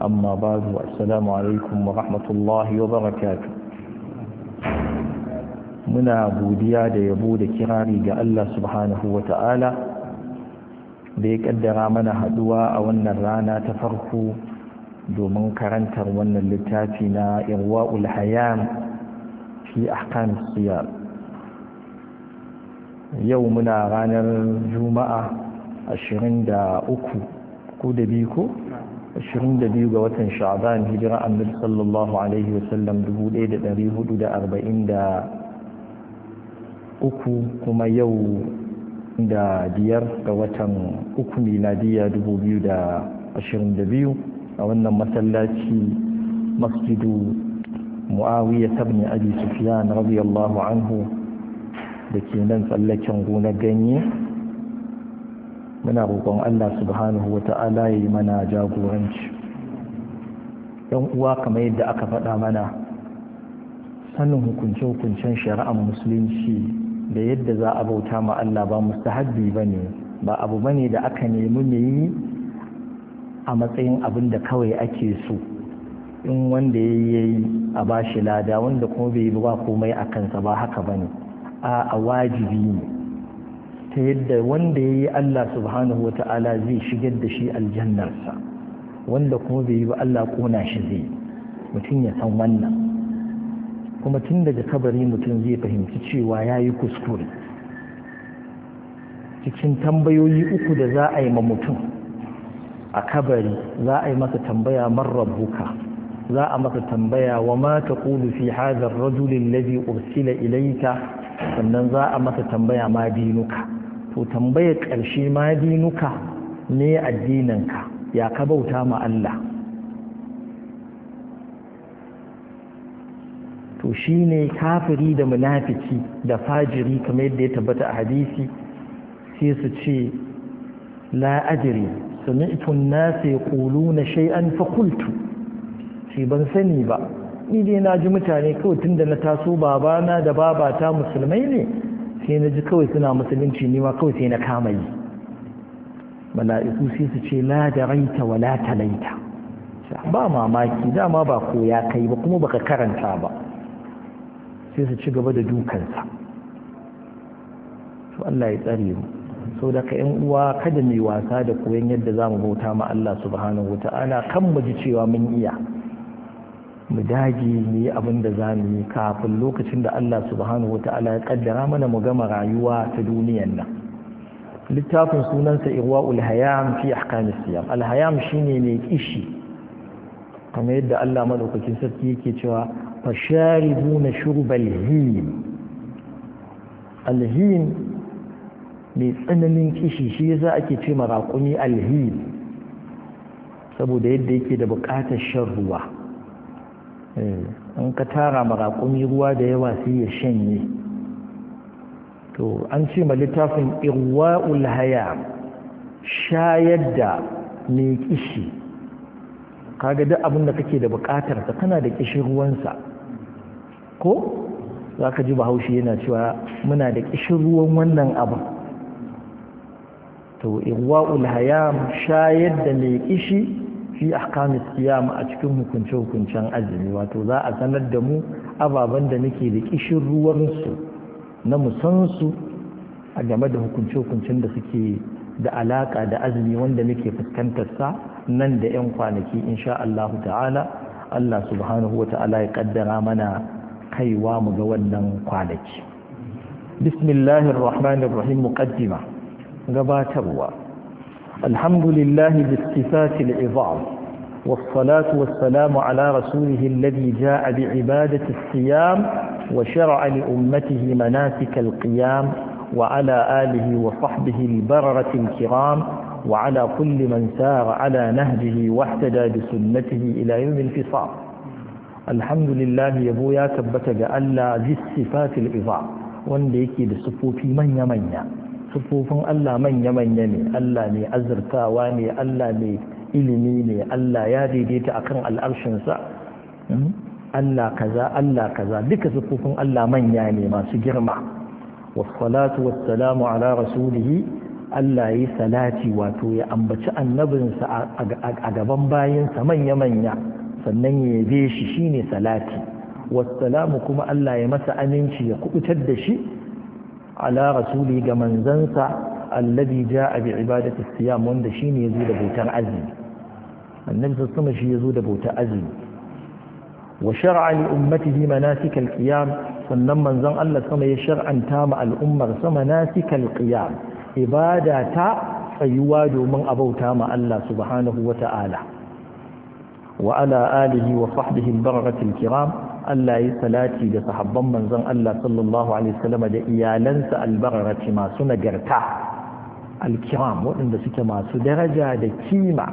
Amma بعد السلام عليكم ورحمة الله وبركاته muna godiya da yabo da kirari ga Allah subhanahu wa da ya kaddara mana haɗuwa a wannan rana ta farko domin karantar wannan littafi na irwa'ul hayam fi ahkam siyar yau muna ranar juma'a 23 ko da biyu ko 22 ga watan sha'ban hijira annabi sallallahu alaihi wasallam 1443 kuma yau da biyar ga watan uku miladiya 2022 a wannan masallaci masjidu mu'awiyya tabni abi sufyan radiyallahu anhu da ke nan tsallaken gonar ganye muna roƙon Allah subhanahu wa ta'ala ya yi mana jagoranci yan uwa kamar yadda aka faɗa mana sanin hukunce-hukuncen shari'ar musulunci da yadda za a bauta ma Allah ba mustahabbi ba ne ba abu ba ne da aka nemi ne yi a matsayin abin da kawai ake so in wanda ya yi a ba shi lada wanda kuma bai yi ba komai a kansa ba haka ba ne a wajibi ne ta yadda wanda ya yi Allah subhanahu wa ta'ala zai shigar da shi aljannarsa wanda kuma bai yi ba Allah kona shi zai mutum ya san wannan kuma tun daga kabari mutum zai fahimci cewa ya yi kuskure cikin tambayoyi uku da za a yi ma mutum a kabari za a yi masa tambaya marar buka za a masa tambaya wa mata ƙulu fi hazar rajulin lazi ursila ilaika sannan za a masa tambaya ma dinuka to tambayar ƙarshe ma dinuka ne addininka ya ka bauta ma Allah to ne kafiri da munafiki da fajiri kamar yadda ya tabbata a hadisi sai su ce la ajri sami'tu an-nas yaquluna shay'an fa qultu shi ban sani ba ni dai na ji mutane kawai tunda na taso babana da babata musulmai ne sai na ji kawai suna musulunci ne ma kawai sai na kama yi mala'iku sai su ce la da raita wa la talaita ba mamaki dama ba koya ya kai ba kuma baka karanta ba sai su ci gaba da dukansa to Allah ya tsare mu sau da ka yan uwa kada mai wasa da koyon yadda za mu bauta ma Allah subhanahu wa ta'ala kan mu cewa mun iya mu dage mu yi abin da za mu yi kafin lokacin da Allah subhanahu wata'ala ya kaddara mana mu gama rayuwa ta duniyan nan littafin sunansa irwa'ul hayam fi ahkamis siyam alhayam shine mai kishi kamar yadda Allah madaukakin sarki yake cewa na shurbal him alhim mai tsananin kishi shi yasa ake ce ma raƙumi alhim saboda yadda yake da buƙatar shan ruwa Eh, in ka tara marakumi ruwa da yawa sai ya shanye to an ce ma littafin irwa'ul haya shayar da mai kishi kaga duk abin da kake da bukatar ka kana da kishin ruwansa ko za ka ji bahaushe yana cewa muna da kishin ruwan wannan abin to irwa'ul haya shayar da mai kishi fi ahkamis siyam a cikin hukunce hukuncen azumi wato za a sanar da mu ababen da nake da kishin ruwansu na musansu a game da hukunce hukuncen da suke da alaka da azumi wanda muke fuskantar sa nan da yan kwanaki insha Allah ta'ala Allah subhanahu wa ta'ala ya kaddara mana kaiwa mu ga wannan kwanaki bismillahir rahmanir rahim muqaddima gabatarwa الحمد لله بالصفات العظام والصلاة والسلام على رسوله الذي جاء بعبادة الصيام وشرع لأمته مناسك القيام وعلى آله وصحبه البررة الكرام وعلى كل من سار على نهجه واحتدى بسنته إلى يوم الفصام الحمد لله يبو يا تبتك ألا بالصفات الصفات العظام وان ليكي بصفوتي من يمنى sufofin Allah manya-manya ne Allah ne azurtawa ne Allah ne ilimi ne Allah ya daidaita akan al'arshinsa hmm? Allah kaza Allah kaza duka sufofin Allah manya ne masu girma wasu wassalamu ala rasulihi Allah yi salati wato ya ambaci annabinsa a gaban bayansa manya-manya sannan ya yabe shi shine salati wassalamu kuma Allah ya masa aminci ya kubutar da shi ala rasuli ga manzansa alladhi jaa bi ibadati siyam wanda shine yazo da bautar azumi annabi sallallahu shi yazo da bautar azumi wa shar'a li ummatihi manasik al-qiyam sannan manzon Allah sama ya shar'anta ma al'ummar sama manasik al-qiyam ibada ta tsayuwa domin abauta ma Allah subhanahu wa ta'ala wa ala alihi wa sahbihi al-barakatil kiram Allah ya salati da sahabban manzon Allah sallallahu alaihi wasallam da iyalansa albaraci masu nagarta alkiram waɗanda suke masu daraja da kima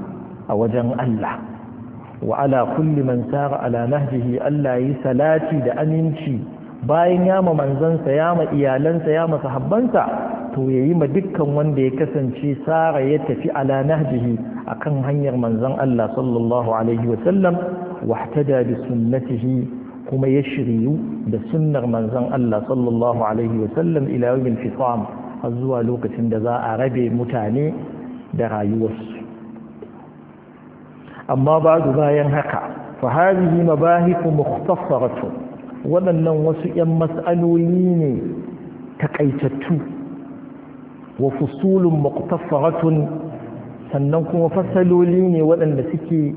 a wajen Allah wa ala kulli man sara ala nahjihi Allah yi salati da aminci bayan yama manzansa yama iyalansa yama sahabbansa to yayi ma dukkan wanda ya kasance sara ya tafi ala nahjihi akan hanyar manzon Allah sallallahu alaihi wa sallam wahtada bi kuma ya shiryu da sunnar manzon Allah sallallahu alaihi wasallam ila fitam har zuwa lokacin da za a rabe mutane da rayuwarsu amma su bayan haka fa hadhihi mabahithu waɗannan wasu 'yan mas'aloli ne takaitattu wa fusulun mukhtasaratun sannan kuma fasaloli ne waɗanda suke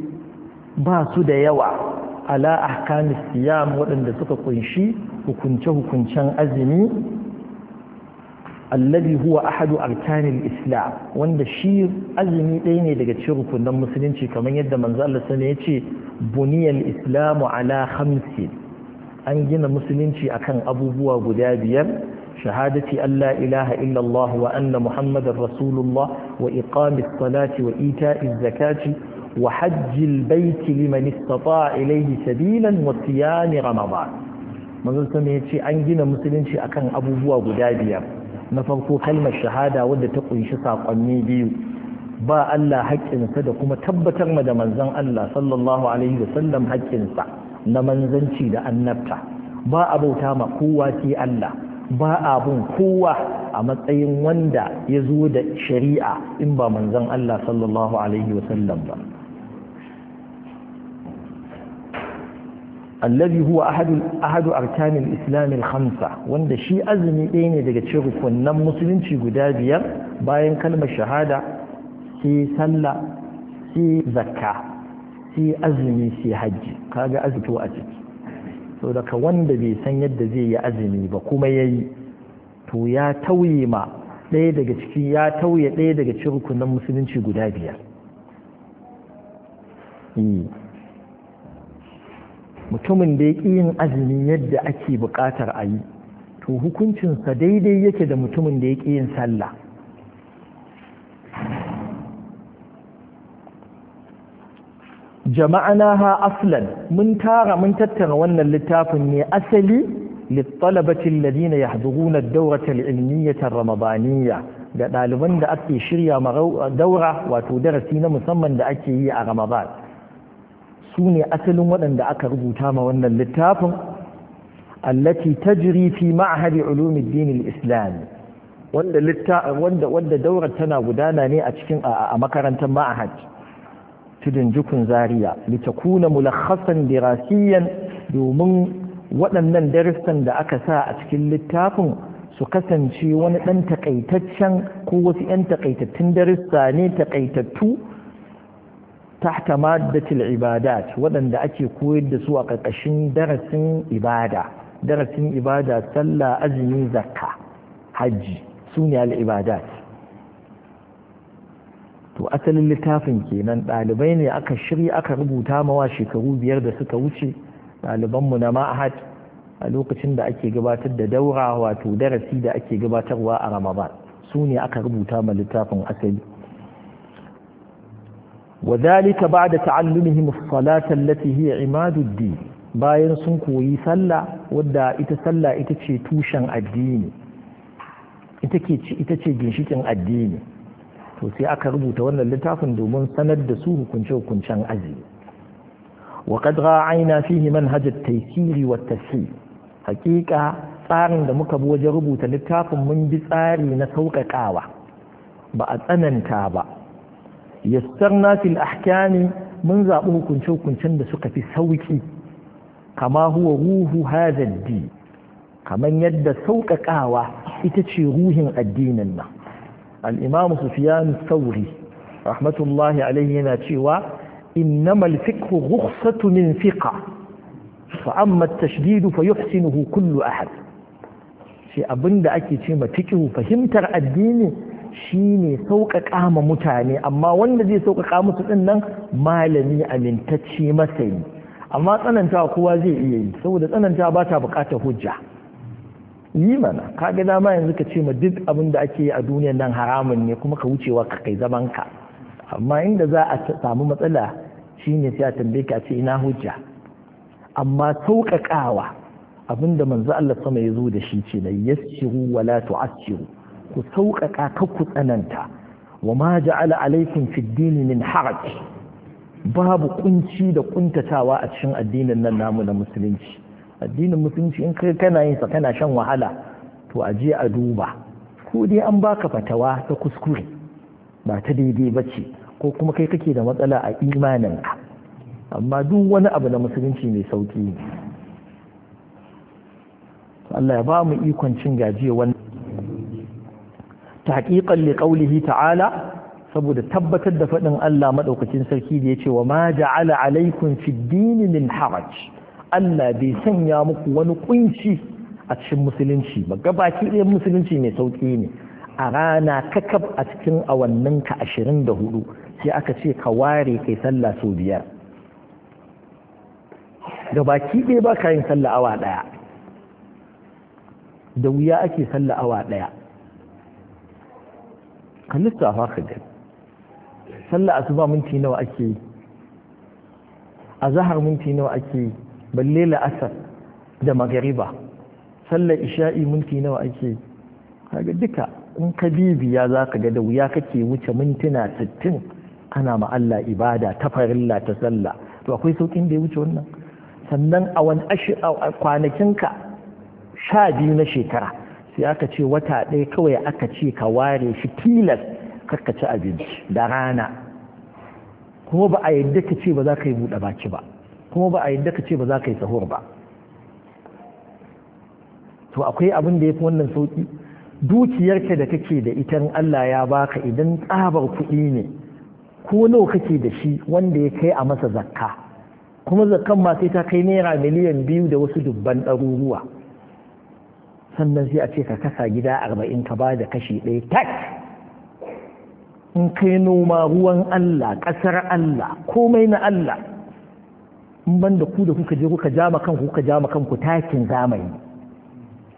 ba su da yawa ala ahkamis siyam waɗanda suka kunshi hukunce-hukuncen azumi alladhi huwa ahadu arkanil islam wanda shi azumi ɗaya ne daga cikin rukunan musulunci kamar yadda manzo Allah sani ya ce buniyal islamu ala khamsi an gina musulunci akan abubuwa guda biyar shahadati allah ilaha illallah wa anna وأن rasulullah wa الله salati wa ita'iz zakati wa hajjil baiti liman istata ilayhi sabilan wa siyam ramadan manzon sun ya an gina musulunci akan abubuwa guda biyar na farko kalmar shahada wadda ta kunshi sakonni biyu ba Allah haƙƙinsa da kuma tabbatar ma da manzon Allah sallallahu alaihi wa sallam haƙƙinsa na manzanci da annabta ba abauta bauta ma kowa sai Allah ba abun kowa a matsayin wanda ya zo da shari'a in ba manzon Allah sallallahu alaihi wa sallam ba allazi huwa ahadu ahadu arkanil islam wanda shi azumi ɗaya ne daga cikin rukunnan musulunci guda biyar bayan kalmar shahada sai sallah sai zakka sai azumi sai hajji kaga azumi a ciki so daga wanda bai san yadda zai yi azumi ba kuma yayi to ya tauye ma ɗaya daga ciki ya tauye ɗaya daga cikin rukunan musulunci guda biyar mutumin da ya ƙi yin azumi yadda ake buƙatar a yi to hukuncinsa daidai yake da mutumin da ya ƙi yin sallah na ha aslan mun tara mun tattara wannan littafin ne asali littalabacin ladina ya haduruna dauratar ilmiyyatar ramadaniya da ɗaliban da ake shirya daura wato darasi na musamman da ake yi a ramadan su ne asalin waɗanda aka rubuta ma wannan littafin allati tajri fi ma'hadi ulumuddin al-islam wanda litta wanda wanda daurar tana gudana ne a cikin a makarantar ma'had tudun jukun zaria litakuna mulakhasan dirasiyan domin waɗannan darussan da aka sa a cikin littafin su kasance wani ɗan takaitaccen ko wasu 'yan takaitattun darussa ne takaitattu tahta maddatil ibadat waɗanda ake koyar da su a ƙarƙashin darasin ibada darasin ibada sallah azumi zakka hajji su ne al'ibadat to asalin littafin kenan ɗalibai ne aka shirya aka rubuta ma wa shekaru biyar da suka wuce mu na ma'ahad a lokacin da ake gabatar da daura wato darasi da ake gabatarwa a ramadan su ne aka rubuta ma littafin asali وذلك بعد تعلمهم الصلاة التي هي عماد الدين bayan sun koyi sallah wadda ita sallah ita ce tushen addini ita ce ginshikin addini to sai aka rubuta wannan littafin domin sanar da su hukunce-hukuncen azumi wa qad ra'ayna fihi manhajar at wa tafi. tashih tsarin da muka bi wajen rubuta littafin mun bi tsari na sauƙaƙawa ba a tsananta ba yassarna fil ahkami mun zaɓi hukunce-hukuncen da suka fi sauƙi kama huwa ruhu hadaddi kamar yadda sauƙaƙawa ita ce ruhin addinin nan al'imamu sufiyanu sauri rahmatullahi alaihi yana cewa innamal fiqhu rukhsatu min fiqa fa amma tashdidu fa yuhsinuhu kullu ahad shi abinda ake ce ma fiqhu fahimtar addini Shi ne sauƙaƙa ma mutane amma wanda zai sauƙaƙa musu ɗin nan malami amintacce masani amma tsananta kowa zai iya yi saboda tsananta ba ta buƙatar hujja yi mana ka ga dama yanzu ka ce ma duk abin da ake yi a duniyar nan haramun ne kuma ka wucewa ka kai zaman ka amma inda za a samu matsala shine sai a tambaye ka ce ina hujja amma sauƙaƙawa abinda manzo Allah sama ya zo da shi ce na yassiru wala tu'assiru ku sauƙaƙa ka ku tsananta wa ma ja'ala alaikum fi dini min haraj babu kunci da kuntatawa a cikin addinin nan namu na musulunci addinin musulunci in kai kana yin sa kana shan wahala to a je a duba ko dai an baka fatawa ta kuskure ba ta daidai ba ce ko kuma kai kake da matsala a imaninka amma duk wani abu na musulunci mai sauƙi ne Allah ya ba mu ikon cin gajiya wannan tahqiqan li ta'ala saboda tabbatar da faɗin Allah maɗaukacin sarki da ya ce wa ma ja'ala alaikum fi dini min haraj Allah bai sanya muku wani kunci a cikin musulunci ba gabaki ɗayan musulunci mai sauƙi ne a rana kakab a cikin awannin ka ashirin da hudu sai aka ce ka ware kai sallah sau biyar gabaki ɗaya ba ka yin sallah awa ɗaya da wuya ake sallah awa ɗaya ka lissafa ka gani sallah asuba minti nawa ake yi a zahar minti nawa ake yi balle la'asar da magariba sallar isha'i minti nawa ake yi kaga duka in ka bibiya za ka ga da wuya kake wuce mintuna sittin ana ma ibada ta farilla ta sallah to akwai saukin da ya wuce wannan sannan a wani kwanakinka sha biyu na shekara sai aka ce wata ɗaya kawai aka ce ka ware shi tilas karka ci abinci da rana kuma ba a yadda ka ce ba za ka yi buɗe baki ba kuma ba a yadda ka ce ba za ka yi sahur ba to akwai abin da ya fi wannan sauƙi dukiyarka da kake da ita in Allah ya baka idan tsabar kuɗi ne ko nawa kake da shi wanda ya kai a masa zakka kuma zakkan ma sai ta kai naira miliyan biyu da wasu dubban ɗaruruwa sannan sai a ce ka kasa gida arba'in ka ba da kashi ɗaya tak in kai noma ruwan Allah ƙasar Allah komai na Allah in ban da ku da kuka je kuka jama kanku kuka jama kanku takin zamani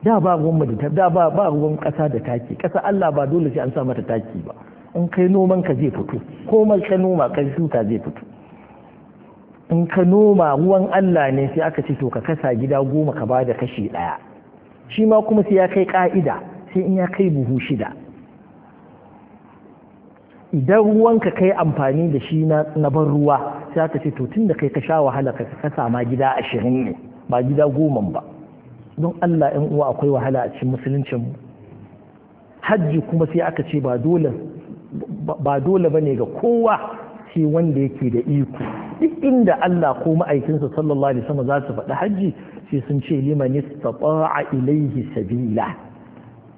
da ba ruwan da ba ba ruwan ƙasa da taki ƙasa Allah ba dole sai an sa mata taki ba in kai noman ka zai fito komai ka noma kai shuka zai fito in ka noma ruwan Allah ne sai aka ce to ka kasa gida goma ka ba da kashi ɗaya shi ma kuma sai ya kai ka'ida sai in ya kai buhu shida idan ruwanka kai amfani da shi na ban ruwa sai aka ce to tun da kai ka sha wahala ka sama gida ashirin ne ba gida goma ba don Allah ‘yan uwa akwai wahala a cikin musuluncin hajji kuma sai aka ce ba dole ba ne ga kowa sai wanda yake da iko duk inda Allah ko ma'aikinsa sallallahu alaihi wasallam za su faɗi hajji sai sun ce liman a ilaihi sabila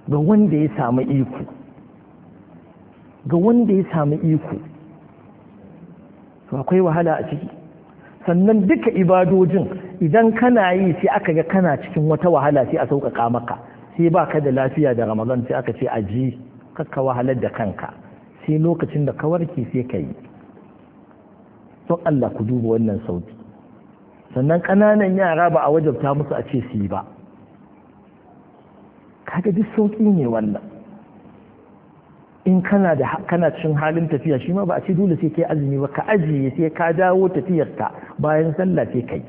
ga wanda ya samu iko ga wanda ya samu iko akwai wahala a ciki sannan duka ibadojin idan kana yi sai aka ga kana cikin wata wahala sai a sauƙaƙa maka sai ba ka da lafiya da ramadan sai aka ce aji kakka wahalar da kanka sai lokacin da kawarki sai ka yi don Allah ku duba wannan sauki sannan ƙananan yara ba a wajabta musu a ce su yi ba kaga duk sauƙi ne wannan in kana da kana cin halin tafiya shi ma ba a ce dole sai kai azumi ba ka ajiye sai ka dawo tafiyarka bayan sallah sai kai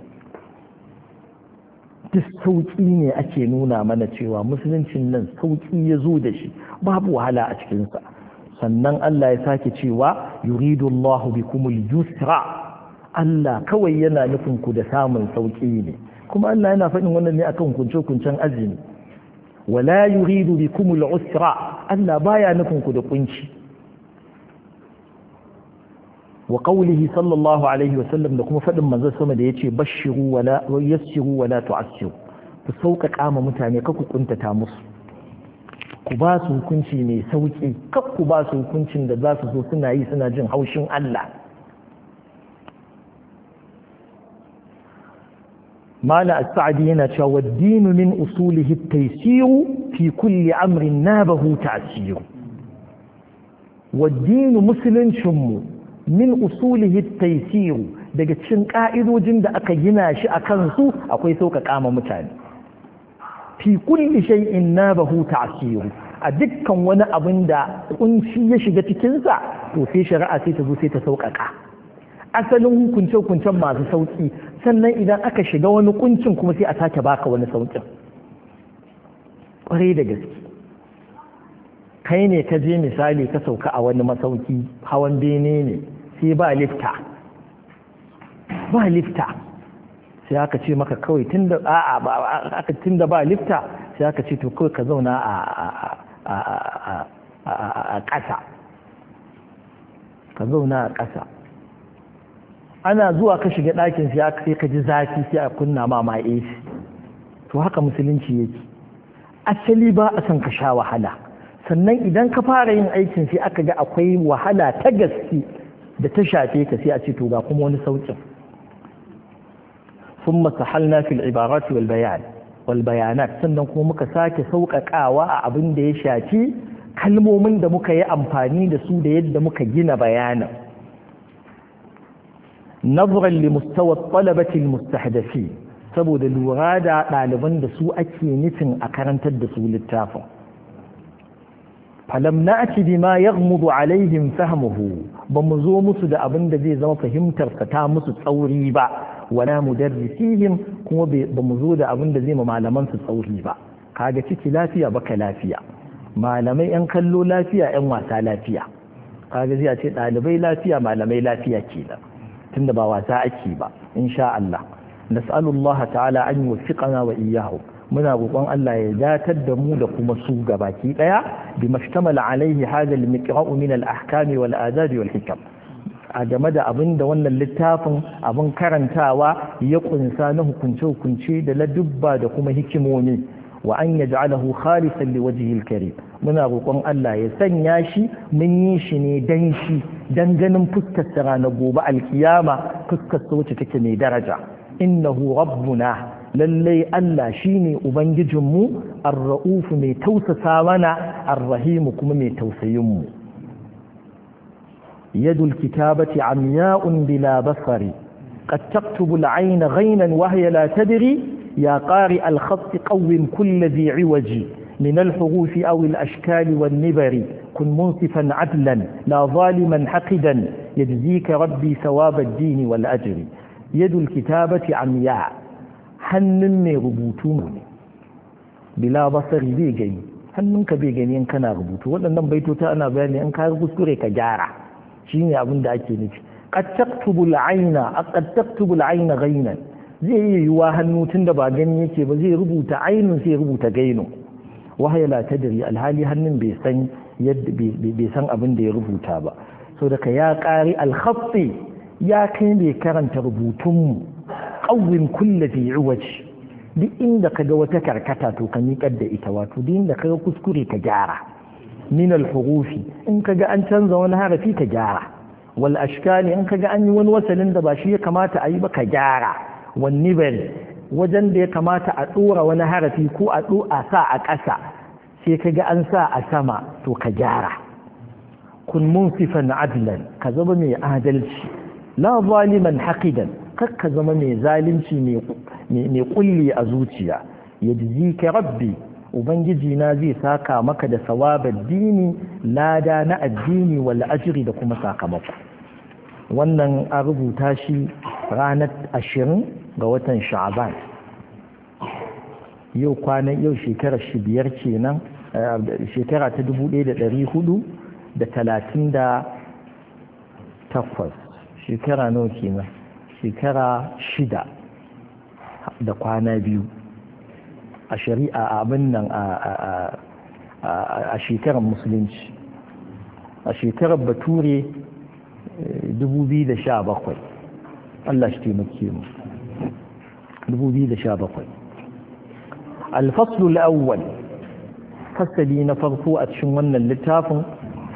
duk sauƙi ne ake nuna mana cewa musuluncin nan sauƙi ya zo da shi babu wahala a cikinsa sannan Allah ya sake cewa yuridu Allahu bikumul yusra Allah kawai yana nufin ku da samun sauƙi ne kuma Allah yana faɗin wannan ne akan kunce-kuncen azumi wala yuridu bikumul usra Allah baya nufin ku da kunci wa qawlihi sallallahu alaihi wasallam da kuma faɗin manzon sama da yace bashiru wala yassiru wala tu'assiru ku sauƙaƙa ma mutane ka kuntata musu ku ba su hukunci mai sauƙi kar ku ba su hukuncin da za su zo suna yi suna jin haushin Allah mala as-sa'di yana cewa wad-dinu min usulihi at-taysir fi kulli amrin nabahu ta'sir wad-dinu musuluncinmu min usulihi at-taysir daga cikin ka'idojin da aka gina shi a kansu akwai sauƙaƙa ma mutane fi kulli shay'in nabahu ta'sir a dukkan wani abun da kunci ya shiga cikinsa to sai shari'a sai ta zo sai ta sauƙaƙa asalin hukunce-hukuncen masu sauƙi sannan idan aka shiga wani kuncin kuma sai a sake baka wani sauƙin ƙwarai da gaske kai ne ka je misali ka sauka a wani masauki hawan bene ne sai ba lifta ba lifta sai aka ce maka kawai tunda da ba lifta sai aka ce to kawai ka zauna a ƙasa ka zauna a ƙasa ana zuwa ka shiga ɗakin sai ka ji zafi sai a kunna ma ma to haka musulunci yake asali ba a son ka sha wahala sannan idan ka fara yin aikin sai aka ga akwai wahala ta gaske da ta shafe ka sai a ce to ga kuma wani saukin sun masahalna fil ibarati wal bayan wal bayanat sannan kuma muka sake sauƙaƙawa a abin da ya shafi kalmomin da muka yi amfani da su da yadda muka gina bayanan نظرا لمستوى الطلبة المستحدثين saboda lura da ɗaliban da su ake nufin a karantar da su littafin falam na ake bima ya mudu alaihim fahimuhu ba mu zo musu da abin da zai zama fahimtarsa ta musu tsauri ba wala mu darrisihim kuma ba mu zo da abin da zai ma malaman su tsauri ba kaga ciki lafiya baka lafiya malamai yan kallo lafiya yan wasa lafiya kaga zai ce ɗalibai lafiya malamai lafiya kenan tunda ba wasa ake ba insha Allah nas'alullah ta'ala an yuwaffiqana wa iyaho. muna roƙon Allah ya datar da mu da kuma su gabaki daya bi mashtamala alaihi hadha al-miqra'u min al-ahkam wal azab wal hikam a game da abin da wannan littafin abin karantawa ya kunsa na hukunce hukunce da ladubba da kuma hikimomi وأن يجعله خالصا لوجهه الكريم من أقول الله يسن ياشي من يشني دنشي دنجن كتسر نبوب الكيامة كتسر وتككني درجة إنه ربنا للي ألا شيني أبنج الرؤوف مي توسى ساونا الرحيم كم مي توسى يمو يد الكتابة عمياء بلا بصر قد تكتب العين غينا وهي لا تدري يا قارئ الخط قوم كل ذي عوج من الحروف أو الأشكال والنبر كن منصفا عدلا لا ظالما حقدا يجزيك ربي ثواب الدين والأجر يد الكتابة عمياء حنن ربوتون بلا بصر بيجي حنمك بيجي ينكا نغبوت ولا نبيتو تانا باني انكا غسكريك جارع شيني أبن دا أتشنك قد تكتب العين قد تكتب العين غينا zai iya yiwuwa hannu tun da ba gani yake ba zai rubuta ainun sai rubuta gaino wahaya la tadri alhali hannun bai san yadda bai san abin da ya rubuta ba so daga ya ƙari alkhatti ya kai mai karanta rubutunmu ƙawin kulle fi iwaci duk inda ka ga wata karkata to ka miƙar da ita wato duk inda ka ga kuskure ka gyara min alhurufi in ka ga an canza wani harafi ka gyara wal ashkali in ka ga an yi wani wasalin da ba shi ya kamata a yi ba ka gyara wani wajen da ya kamata a tsura wani harafi ko a a sa a ƙasa sai ka ga an sa a sama to ka gyara kun sifan adlan ka zama mai adalci la zaliman haqidan kar ka zama mai zalunci mai kulli a zuciya yajzika rabbi ubangiji na zai saka maka da sawabar dini lada na addini wal ajri da kuma sakamako wannan a rubuta shi ranar ashirin ga watan sha'aban yau kwanan yau shekarar shi biyar kenan eh, shekara ta dubu ɗaya da ɗari hudu da talatin da takwas shekara nawa kenan shekara shida da kwana biyu a shari'a abin nan a shekarar musulunci a shekarar bature eh, bakwai Allah shi taimake mu 2017 الفصل الأول فصلي نفرقوا أتشمونا اللتاف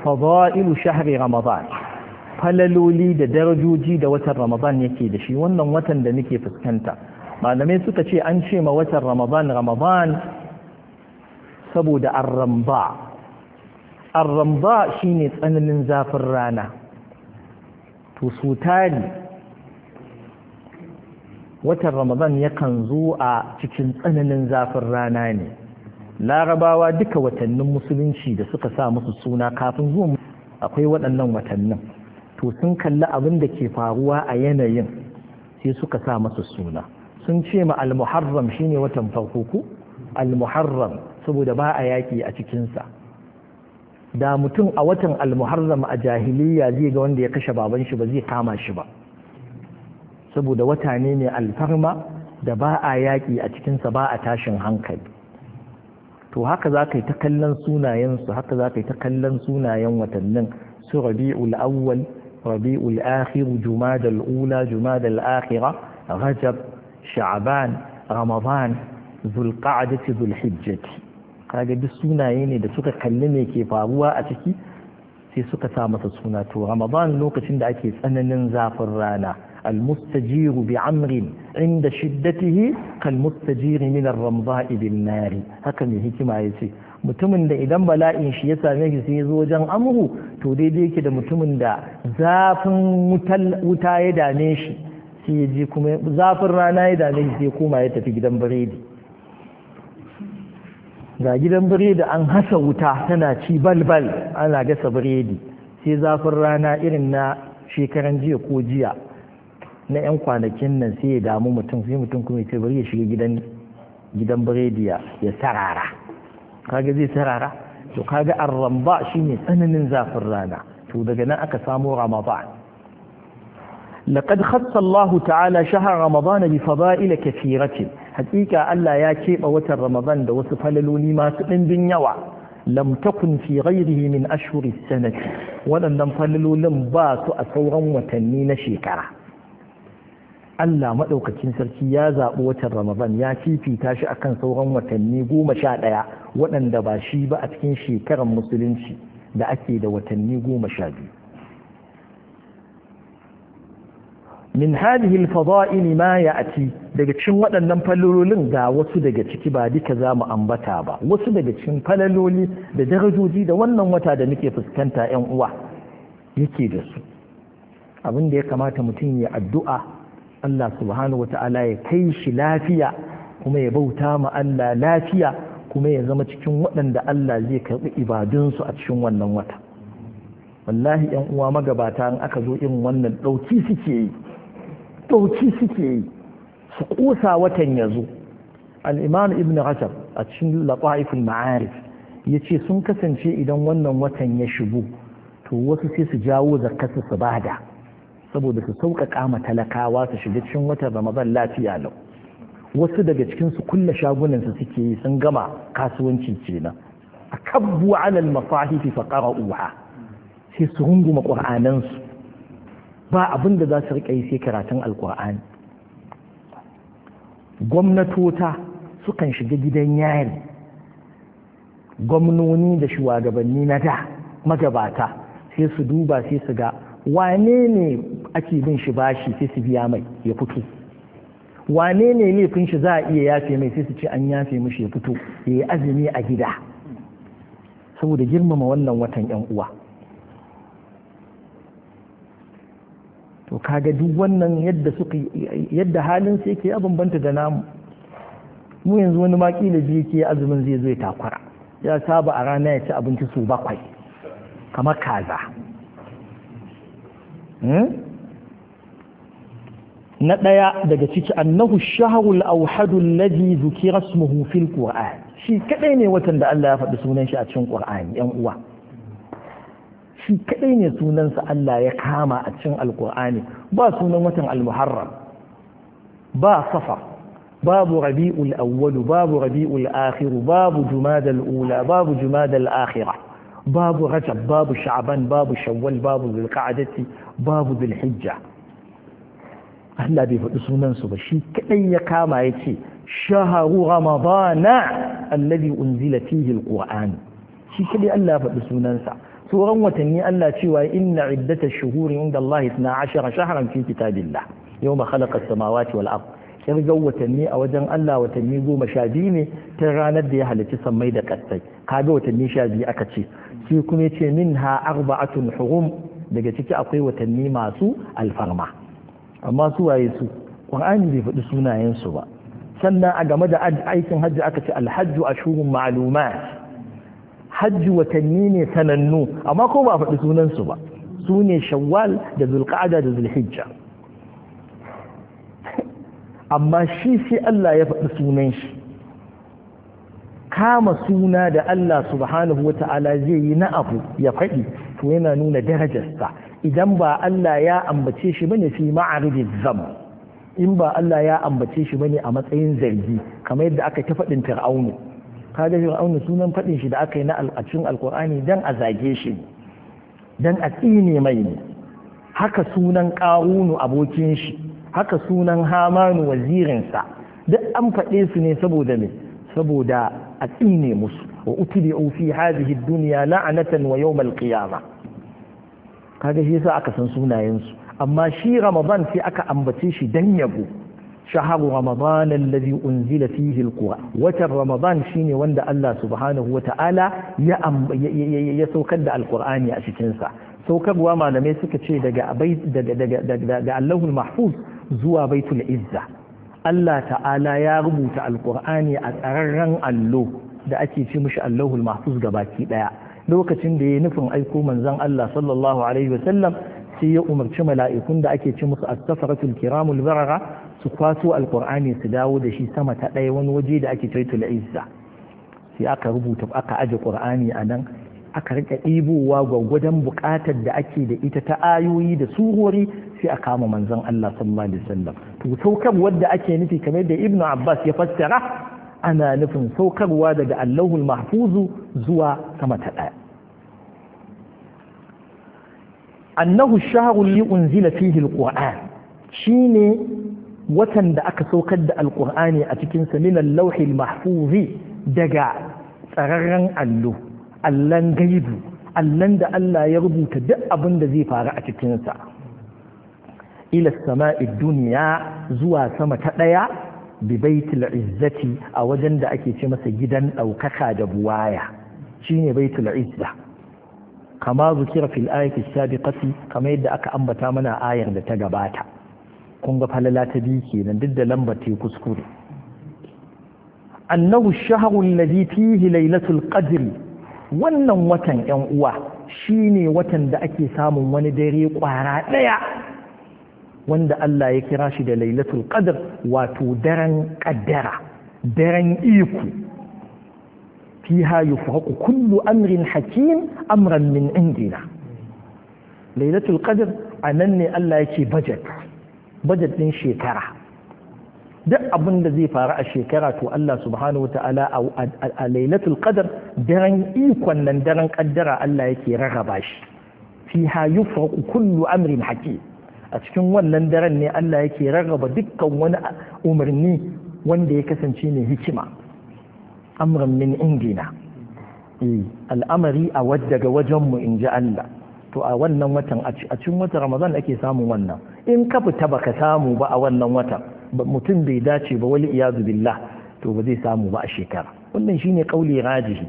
فضائل شهر رمضان falaloli da darajoji da watan ramadan yake da shi wannan watan da nake fuskanta malamai suka ce an ce ma watan ramadan ramadan saboda arramba arramba shine tsananin zafin rana to su tari watan ramadan yakan zo a cikin tsananin zafin rana ne larabawa duka watannin musulunci da suka sa musu suna kafin zuwa akwai waɗannan watannin to sun kalli abin da ke faruwa a yanayin sai suka sa musu suna sun ce ma al-muharram shine watan farko ku al-muharram saboda ba a yaƙi a cikinsa da mutum a watan al-muharram a jahiliya zai ga wanda ya kashe baban shi ba zai kama shi ba saboda wata ne mai alfarma da ba a yaƙi a cikinsa ba a tashin hankali to haka za ka yi ta kallon sunayensu haka za ka yi ta kallon sunayen watannin su rabi'ul awwal rabi'ul akhir jumadal ula jumadal akhira rajab sha'ban ramadan zulqa'dati zulhijjati kaga duk sunaye ne da suka kalli me ke faruwa a ciki sai suka sa masa suna to ramadan lokacin da ake tsananin zafin rana المستجير بعمر عند شدته كالمستجير من الرمضاء بالنار haka mai hikima ya mutumin da idan bala'in shi ya same shi sai zo wajen amru to daidai yake da mutumin da zafin wuta ya dame shi sai ya je kuma zafin rana ya dame shi sai kuma ya tafi gidan biredi ga gidan biredi an hasa wuta tana ci balbal ana gasa biredi sai zafin rana irin na shekaran jiya ko jiya na 'yan kwanakin nan sai ya damu mutum sai mutum kuma ce bari ya shiga gidan gidan birediya ya sarara kaga zai sarara to kaga arramba shine tsananin zafin rana to daga nan aka samo ramadan laqad khassa Allah ta'ala shahar ramadan bi fada'il kathiratin hakika Allah ya keɓe watan ramadan da wasu falaloli masu ɗimbin yawa lam takun fi min ashhuri sanati waɗannan falalolin ba su a sauran watanni na shekara Allah maɗaukakin sarki ya zaɓi watan Ramadan ya fifita shi kan sauran watanni goma sha ɗaya waɗanda ba shi ba a cikin shekarar musulunci da ake da watanni goma sha biyu. Min hadihi al-fada'il ma ya'ti daga cikin waɗannan falalolin ga wasu daga ciki ba duka za mu ambata ba wasu daga cikin falaloli da darajoji da wannan wata da muke fuskanta 'yan uwa yake da su abin da ya kamata mutum ya addu'a Allah subhanahu wata'ala ya kai shi lafiya kuma ya bauta ma Allah lafiya kuma ya zama cikin waɗanda Allah zai karɓi ibadunsu a cikin wannan wata wallahi yan uwa magabata in aka zo irin wannan ɗauki suke yi ɗauki suke yi su ƙusa watan ya zo al'imam ibn hajar a cikin laƙa'ifin ma'arif ya ce sun kasance idan wannan watan ya shigo to wasu sai su jawo zakarsu su bada saboda su sauƙaƙa ma talakawa su shiga cikin watan ramadan lafiya lau wasu daga cikin su kulle shagunan su suke yi sun gama kasuwanci kenan a kabbu alal masahifi fa qara'uha sai su runguma qur'anan su ba abin da za su rika yi sai karatun alqur'ani gwamnatota sukan shiga gidan yari gwamnoni da shugabanni na da magabata sai su duba sai su ga wane ne ake bin shi bashi sai su biya mai ya fito wane ne laifin shi za a iya yafe mai sai su ce an yafe mishi ya fito ya yi azumi a gida saboda girmama wannan watan yan uwa to kaga duk wannan yadda suka yadda halin sai ke ya bambanta da namu mu yanzu wani maki da biyu ke azumin zai zo ya takwara ya saba a rana ya ci abinci su bakwai kamar kaza Hmm? na ɗaya daga ciki annahu shahrul awhadu alladhi dhukira ismuhu fil qur'an shi kadai ne watan da Allah ya faɗi sunan shi a cikin qur'ani yan uwa shi kadai ne sunansa Allah ya kama a cikin alqur'ani ba sunan watan almuharram ba safar babu rabi'ul awwal babu rabi'ul akhir babu jumadal ula babu jumadal akhirah babu rajab babu sha'ban babu shawwal babu zulqa'adati babu zulhijja Allah bai faɗi sunansu ba shi kaɗai ya kama ya ce shaharu ramadana alladhi unzila fihi alquran shi kadai Allah ya faɗi sunansa sauran watanni Allah cewa inna iddata shuhuri inda Allah 12 shahran fi kitabillah yawma khalaqa as-samawati wal ard kirgar watanni a wajen Allah watanni goma sha biyu ne ta ranar da ya halicci sammai da ƙasai kaga watanni sha biyu aka ce shi kuma ya ce min ha arba'atun hurum daga ciki akwai watanni masu alfarma amma su waye su qur'ani bai faɗi sunayensu ba sannan a game da aikin hajji aka ce alhajju ashurun ma'lumat hajji watanni ne sanannu amma ko ba faɗi sunansu ba su ne shawwal da zulqa'ada da zulhijja amma shi sai Allah ya faɗi sunan shi kama suna da Allah subhanahu wa ta'ala zai yi na abu ya faɗi to yana nuna darajarsa idan ba Allah ya ambace shi bane fi ma'arijin zam in ba Allah ya ambace shi bane a matsayin zargi kamar yadda aka ta faɗin fir'aunu ga fir'aunu sunan faɗin shi da aka yi na al'acin alkur'ani dan a zage shi dan a tsine mai ne haka sunan ƙarunu abokin shi haka sunan hamanu wazirinsa duk an faɗe su ne saboda me saboda a tsine musu wa utbi'u fi hadhihi ad-dunya la'natan wa yawm al-qiyama kaga shi yasa aka san sunayen su amma shi ramadan sai aka ambace shi dan yabo shahar ramadan alladhi unzila fihi al-qur'an wata ramadan shine wanda Allah subhanahu wa ta'ala ya ya saukar da al-qur'ani a cikin sa saukarwa malamai suka ce daga daga daga daga Allahul Mahfuz zuwa Baitul Izza Allah ta'ala ya rubuta alkur'ani a tsararren allo da ake ce mishi allahul mahfuz gabaki daya lokacin da ya nufin aiko manzon Allah sallallahu alaihi wasallam sai ya umarci mala'ikun da ake ce musu as-safaratul kiramul barara su kwaso alkur'ani su dawo da shi sama ta ɗaya wani waje da ake taitul izza sai aka rubuta aka aje qur'ani a nan aka rika ɗibowa gwagwadon buƙatar da ake da ita ta ayoyi da suhori, sai a kama manzon Allah sallallahu alaihi wasallam to saukarwar da ake nufi kamar da ibnu abbas ya fassara ana nufin saukarwa daga allahul mahfuzu zuwa sama ta ɗaya annahu shahrul li unzila fihi alquran shine watan da aka saukar da alqur'ani a cikin sa min al-lawhil mahfuzi daga tsararren allo allan gaibu allan da Allah ya rubuta duk abin da zai faru a cikin sa ila sama duniya zuwa sama ta ɗaya bi baitul izzati a wajen da ake ce masa gidan ɗaukaka da buwaya shine baitul izza kama zukira fil ayati sabiqati kamar yadda aka ambata mana ayar da ta gabata kun ga falala ta biyu kenan duk da lambar ta kuskure annahu shahru alladhi fihi laylatul qadr wannan watan yan uwa shine watan da ake samun wani dare kwara daya wanda Allah ya kira shi da lailatul qadr wato daren kaddara daren iko fiha yufraqu kullu amrin hakim amran min indina lailatul qadr anan ne Allah yake budget budget din shekara duk abin da zai faru a shekara to Allah subhanahu wata'ala a lailatul qadr daren ikon nan daren kaddara Allah yake rarraba shi fiha yufraqu kullu amrin hakim a cikin wannan daren ne Allah yake rarraba dukkan wani umarni wanda ya kasance ne hikima amran min indina eh, al'amari a daga wajenmu in ji Allah to a wannan watan a cikin watan ramadan ake samun wannan in ka fita ba ka samu ba a wannan watan mutum bai dace ba wali iyazu billah to ba zai samu ba a shekara wannan shine kauli rajihi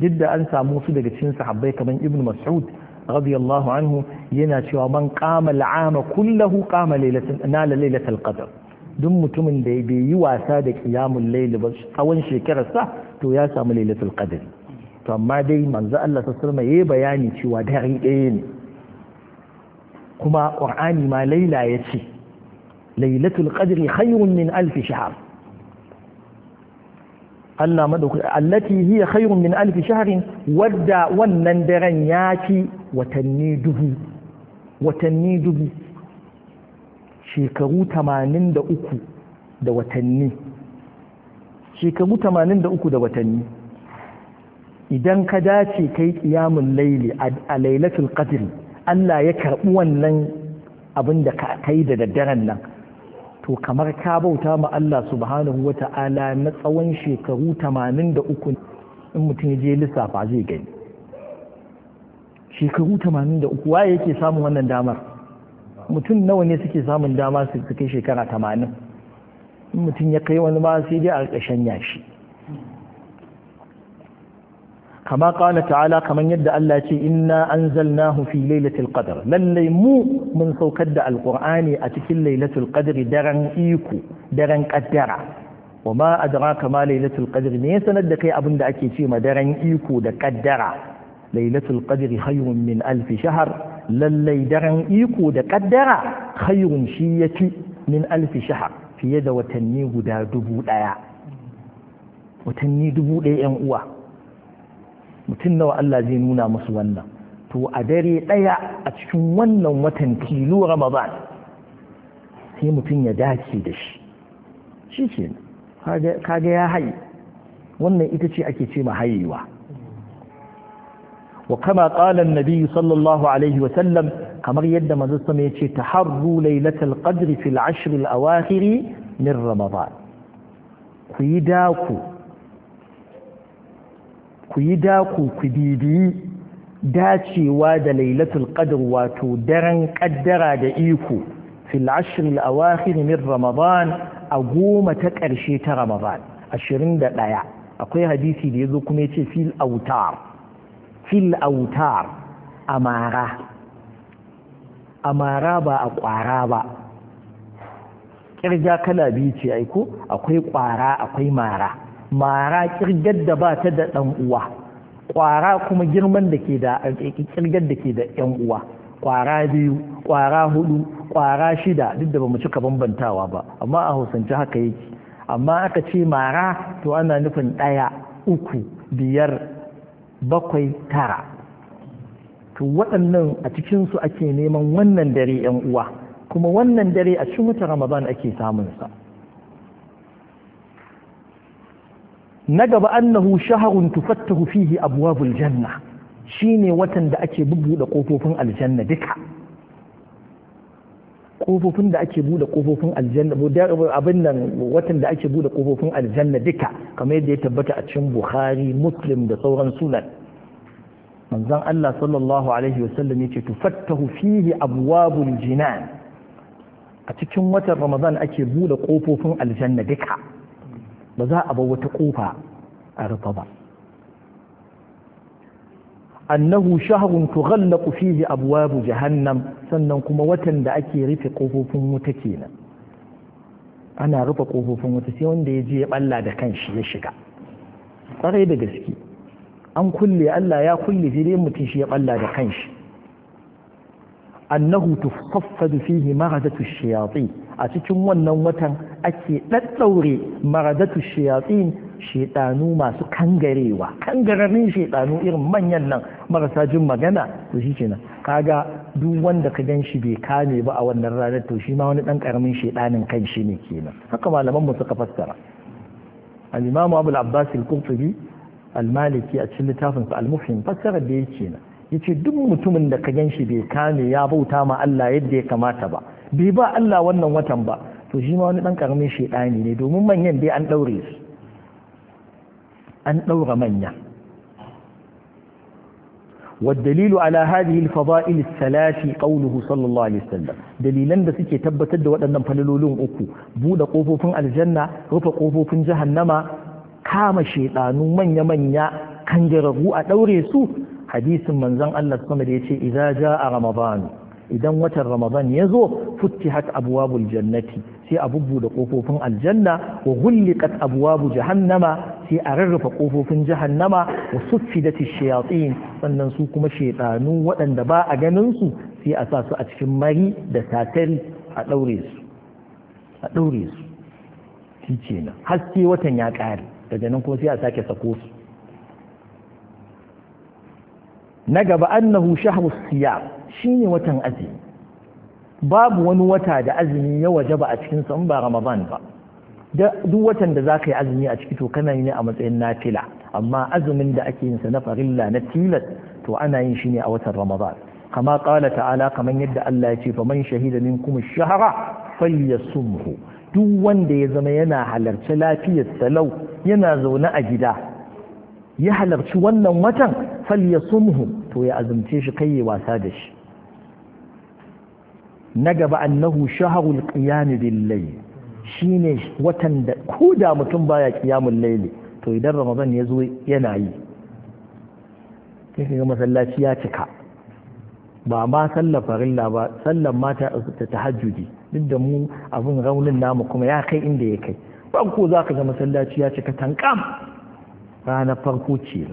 duk da an samu su daga cikin sahabbai kamar ibn mas'ud radiyallahu anhu yana cewa man qama al'ama kullahu kama nala lailatul qadr duk mutumin da bai yi wasa da qiyamul layl ba tsawon shekararsa to ya samu lailatul qadr to amma dai manzo Allah sallallahu alaihi bayani cewa dare ɗaya ne kuma qur'ani ma laila yace lailatul qadri khayrun min alf shahr Allah madauki allati hiya khayrun min alf shahr wadda wannan daren ya ci watanni dubu watanni dubu shekaru tamanin da uku da watanni shekaru tamanin da uku da watanni idan ka dace kai kiyamun laili a lailatul qadr Allah ya karɓi wannan abin da ka kai da daddaren nan to kamar ka bauta ma Allah subhanahu wa ta'ala na tsawon shekaru tamanin da uku in mutum ya je lissafa zai gani shekaru 83 waye yake samun wannan damar mutum nawa ne suke samun dama su kai shekara 80 mutum ya kai wani ma sai dai a ƙarshen yashi kama ƙala ta'ala kamar yadda Allah ce inna anzalnahu fi lailatul qadr lallai mu mun saukar da alƙur'ani a cikin lailatul qadr daren iko daren kaddara wa ma adraka ma lailatul qadr ne sanar da kai abin da ake ce ma daren iko da kaddara lailatul qadri khayrun min alf shahr lallai daren iko da kaddara khayrun shi yafi min alf shahr fiye da watanni guda dubu daya watanni dubu daya yan uwa mutum nawa Allah zai nuna musu wannan to a dare daya a cikin wannan watan tilo ramadan sai mutum ya dace da shi shi ce kaga ya haye wannan ita ce ake ce ma hayewa wa kama qala an kamar yadda manzo sama yace ta lailatul qadr fil ashr al-awakhir min ramadan ku yi daku ku yi daku ku bibiyi dacewa da lailatul qadr wato daren ƙaddara da iko fil ashr al min ramadan a goma ta ƙarshe ta da ɗaya akwai hadisi da yazo kuma yace fil autar fil autar amara amara ba a ƙwara ba Ƙirga kala biyu ce aiko akwai ƙwara akwai mara mara ƙirgar da ba ta da ɗan uwa ƙwara kuma girman da ke da ƙirgar da ke da ƴan uwa ƙwara biyu ƙwara hudu ƙwara shida duk da ba mu cika bambantawa ba amma a hausance haka yake amma aka ce mara to ana nufin ɗaya uku biyar bakwai tara to waɗannan a cikinsu ake neman wannan dare yan uwa kuma wannan dare a cikin wata ramadan ake sa. na gaba annahu shaharun tufattahu fihi abuwa janna shine watan da ake bubbuɗe kofofin aljanna duka kofofin da ake bude kofofin aljanna abin nan watan da ake bude kofofin aljanna duka kamar yadda ya tabbata a cikin bukhari muslim da sauran sunan manzon Allah sallallahu alaihi wasallam yake tufattahu fihi abwabul jinan a cikin watan ramadan ake bude kofofin aljanna duka ba za a bar wata kofa a rufe ba annahu shahrun tughallaqu fihi abwabu jahannam sannan kuma watan da ake rufe kofofin wuta kenan ana rufe kofofin wuta sai wanda ya je ya balla da kanshi ya shiga kwarai da gaske an kulle Allah ya kulle sai dai mutum shi ya balla da kanshi annahu tufaffadu fihi maradatu shayatin a cikin wannan watan ake daddaure maradatu shayatin shaidanu masu kangarewa kangararin shaidanu irin manyan nan marasa jin magana to shi kenan kaga duk wanda ka gan shi bai kame ba a wannan ranar to shi ma wani dan karamin shaidanin kan shi ne kenan haka malaman mu suka fassara al-imamu abul abbas al-qurtubi al-maliki a cikin littafin sa al-mufhim fassara da yake kenan yace duk mutumin da ka gan shi bai kame ya bauta ma Allah yadda ya kamata ba bai ba Allah wannan watan ba to shi ma wani ɗan karamin shaidani ne domin manyan dai an ɗaure su an ɗaura manya والدليل على هذه الفضائل الثلاث قوله صلى الله عليه وسلم دليلان da suke tabbatar da waɗannan falalolin uku buɗe ƙofofin aljanna rufe ƙofofin jahannama kama shedanu manya-manya kan kangararru a ɗaure su hadisin manzon Allah sama da yace idza a ramadan idan watan ramadan ya zo futtihat abwabul jannati sai a da kofofin aljanna wa ghulliqat abwabu jahannama sai a rarrafa ƙofofin jahannama wa suffidati shayatin sannan su kuma shaytanu waɗanda ba a ganin su sai a sa su a cikin mari da tatari a ɗaure su a daure su shi haske watan ya ƙare daga nan kuma sai a sake sako su na gaba annahu shahru siyam shine watan azumi babu wani wata da azumi ya waje ba a cikin sa ba ramadan ba duk watan da za ka yi azumi a ciki to kana yi ne a matsayin nafila amma azumin da ake yin sa na farilla na tilas to ana yin shi ne a watan ramadan kama kala ta'ala kaman yadda Allah ya ce fa man shahida minkum ash-shahra falyasumhu duk wanda ya zama yana halarci lafiyar salau yana zaune a gida ya halarci wannan watan falyasumhu to ya azumce shi kai wasa da shi na gaba annahu shaharul qiyam bil layl shine watan da ko da mutum baya qiyamul layl to idan ramadan ya zo yana yi sai ga masallaci ya cika ba ma sallar farilla ba sallar mata ta tahajjudi duk da mu abin raunin namu kuma ya kai inda ya kai ban ko za ka ga masallaci ya cika tankam ranar farko ce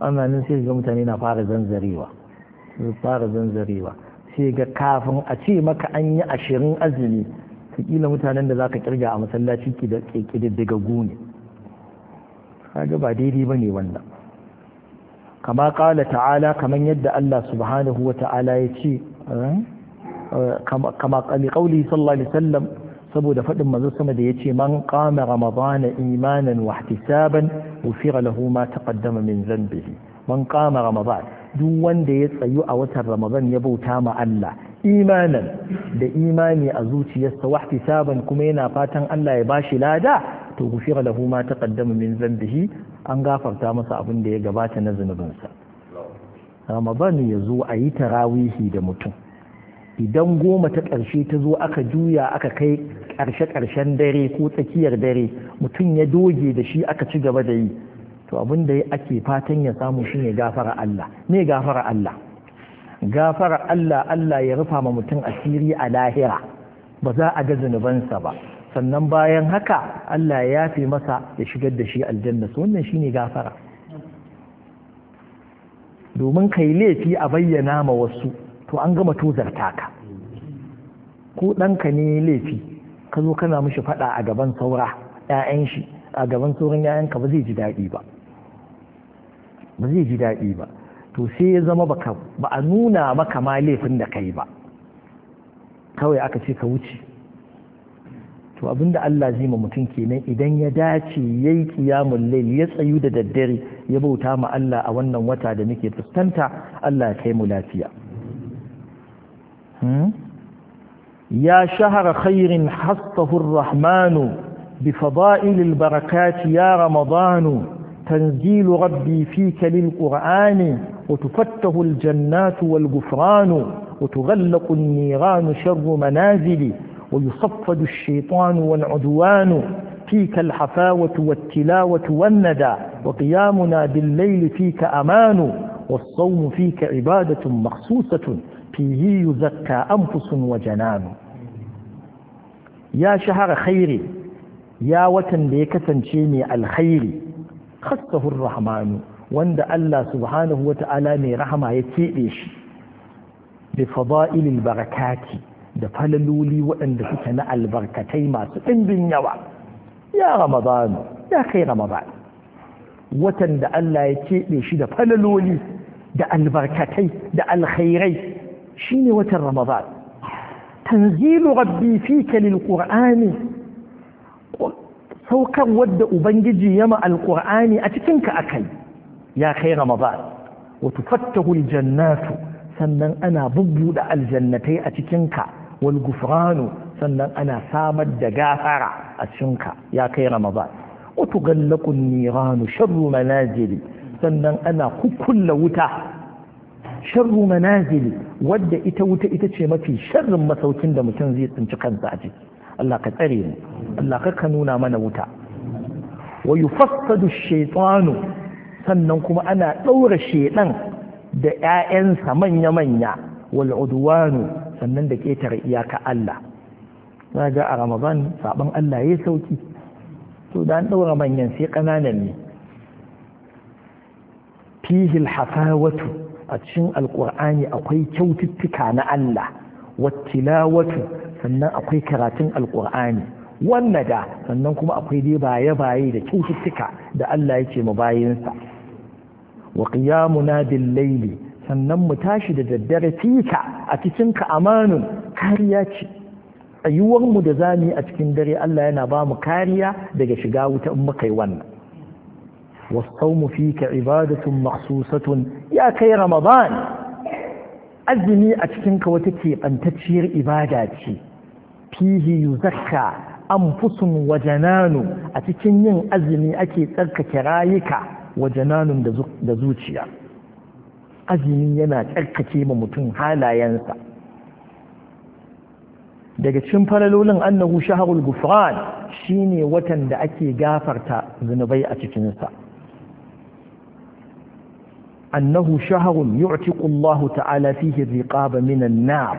ana nan sai ga mutane na fara zanzarewa fara zanzarewa sai ga kafin a ce maka an yi ashirin azumi kila mutanen da za ka kirga a masallaci daga gune kaga ba daidai ba ne wannan kama kala ta'ala kaman yadda Allah subhanahu wa ta'ala ya ce eh, eh, kama kali kauli sallallahu alaihi wasallam saboda faɗin manzo sama da ya ce man qama ramadana imanan wa ihtisaban ufira lahu ma taqaddama min dhanbihi man qama ramadana duk wanda ya tsayu a watan ramadan ya bauta ma Allah imanan da imani a zuciyarsa wahtisaban kuma yana fatan Allah ya bashi lada to gufira lahu ma taqaddama min zambihi an gafarta masa abin da ya gabata na zunubinsa ramadan ya zo a yi tarawihi da mutum idan goma ta ƙarshe ta zo aka juya aka kai ƙarshe-ƙarshen dare ko tsakiyar dare mutum ya doge da shi aka ci gaba da yi to abin da ake fatan ya samu shine gafara Allah ne gafara Allah gafara Allah Allah ya rufa ma mutum asiri a lahira ba za a ga zunubansa ba sannan bayan haka Allah ya yafe masa ya shigar da shi aljanna wannan shine gafara domin kai laifi a bayyana ma wasu to an gama tozarta ka ko ɗanka ne laifi ka zo kana mishi faɗa a gaban saura 'ya'yan shi a gaban sauran 'ya'yanka ba zai ji daɗi ba ba zai ji daɗi ba to sai ya zama ba a nuna maka ma laifin da kai ba kawai aka ce ka wuce to abinda Allah zai ma mutum kenan idan ya dace yayi qiyamul layl ya tsayu da daddare ya bauta ma Allah a wannan wata da muke fuskanta Allah ya kai mu lafiya hmm? ya shahara khairin hasahu rahmanu bi fada'il Barakati ya ramadanu تنزيل ربي فيك للقرآن وتفتح الجنات والغفران وتغلق النيران شر منازلي ويصفد الشيطان والعدوان فيك الحفاوة والتلاوة والندى وقيامنا بالليل فيك أمان والصوم فيك عبادة مخصوصة فيه يزكى أنفس وجنان يا شهر خيري يا وتن ليكسن شيني الخيري khassahu rahmanu wanda Allah subhanahu wa ta'ala mai rahama ya keɓe shi bi fada'ilil barakati da falaloli waɗanda suke na albarkatai masu ɗimbin yawa ya ramadanu ya kai ramadan watan da Allah ya keɓe shi da falaloli da albarkatai da alkhairai shine watan ramadan tanzilu rabbi fika lil qur'ani saukar wadda ubangiji ya ma Alƙur'ani a cikinka ka akai ya kai ramadan watu tufattahu jannatu sannan ana bubbuɗe aljannatai a cikinka wal gufranu sannan ana samar da gafara a cikinka ya kai ramadan wa tughallaqu an-niranu sharru manazili sannan ana kukkulla wuta sharru manazili wadda ita wuta ita ce mafi sharrin masaukin da mutum zai tsinci kansa a ciki Allah ka tsare mu Allah ka nuna mana wuta wa yufassadu shaytanu sannan kuma ana daura shaydan da ƴaƴansa manya manya wal udwanu sannan da ketare iyaka Allah na ga a Ramadan saban Allah yayi sauki to da an daura manyan sai kananan ne fihi alhafawatu a cikin alqur'ani akwai kyaututtuka na Allah wattilawatu sannan akwai karatun alkur'ani wannan da sannan kuma akwai dai baye-baye da kyaututtuka da Allah yake mu bayinsa wa qiyamuna bil layli sannan mu tashi da daddare fika a cikin ka amanun kariya ce tsayuwar mu da zamu a cikin dare Allah yana ba mu kariya daga shiga wuta in muka yi wannan والصوم فيك عبادة مخصوصة ya kai Ramadan. azumi a cikinka wata keɓantacciyar ibada ce fihi yuzakka anfusun wa a cikin yin azumi ake tsarkake rayuka wa da zuciya azumi yana tsarkake ma mutum halayensa daga cikin falalolin annahu shaharul gufran shine watan da ake gafarta zunubai a cikinsa annahu shaharun yu'tiqu Allah ta'ala fihi riqaba minan nar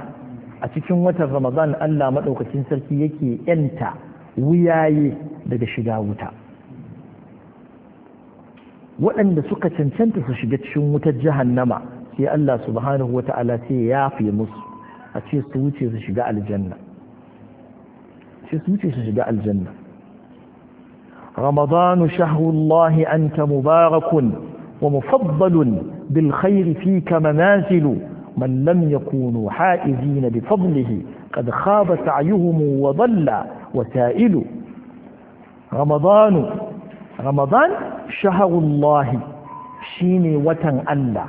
a cikin watan ramadan allah madaukakin sarki yake yanta wuyaye daga shiga wuta waɗanda suka cancanta su shiga cikin wutar jahannama sai allah subhanahu wata'ala sai ya yafe musu a ce su wuce su shiga aljanna sai su wuce su shiga aljanna رمضان شهر الله أنت مبارك ومفضل بالخير فيك منازل من لم يكونوا حائزين بفضله قد خاب سعيهم وضل وسائل رمضان رمضان شهر الله شيني وتن ألا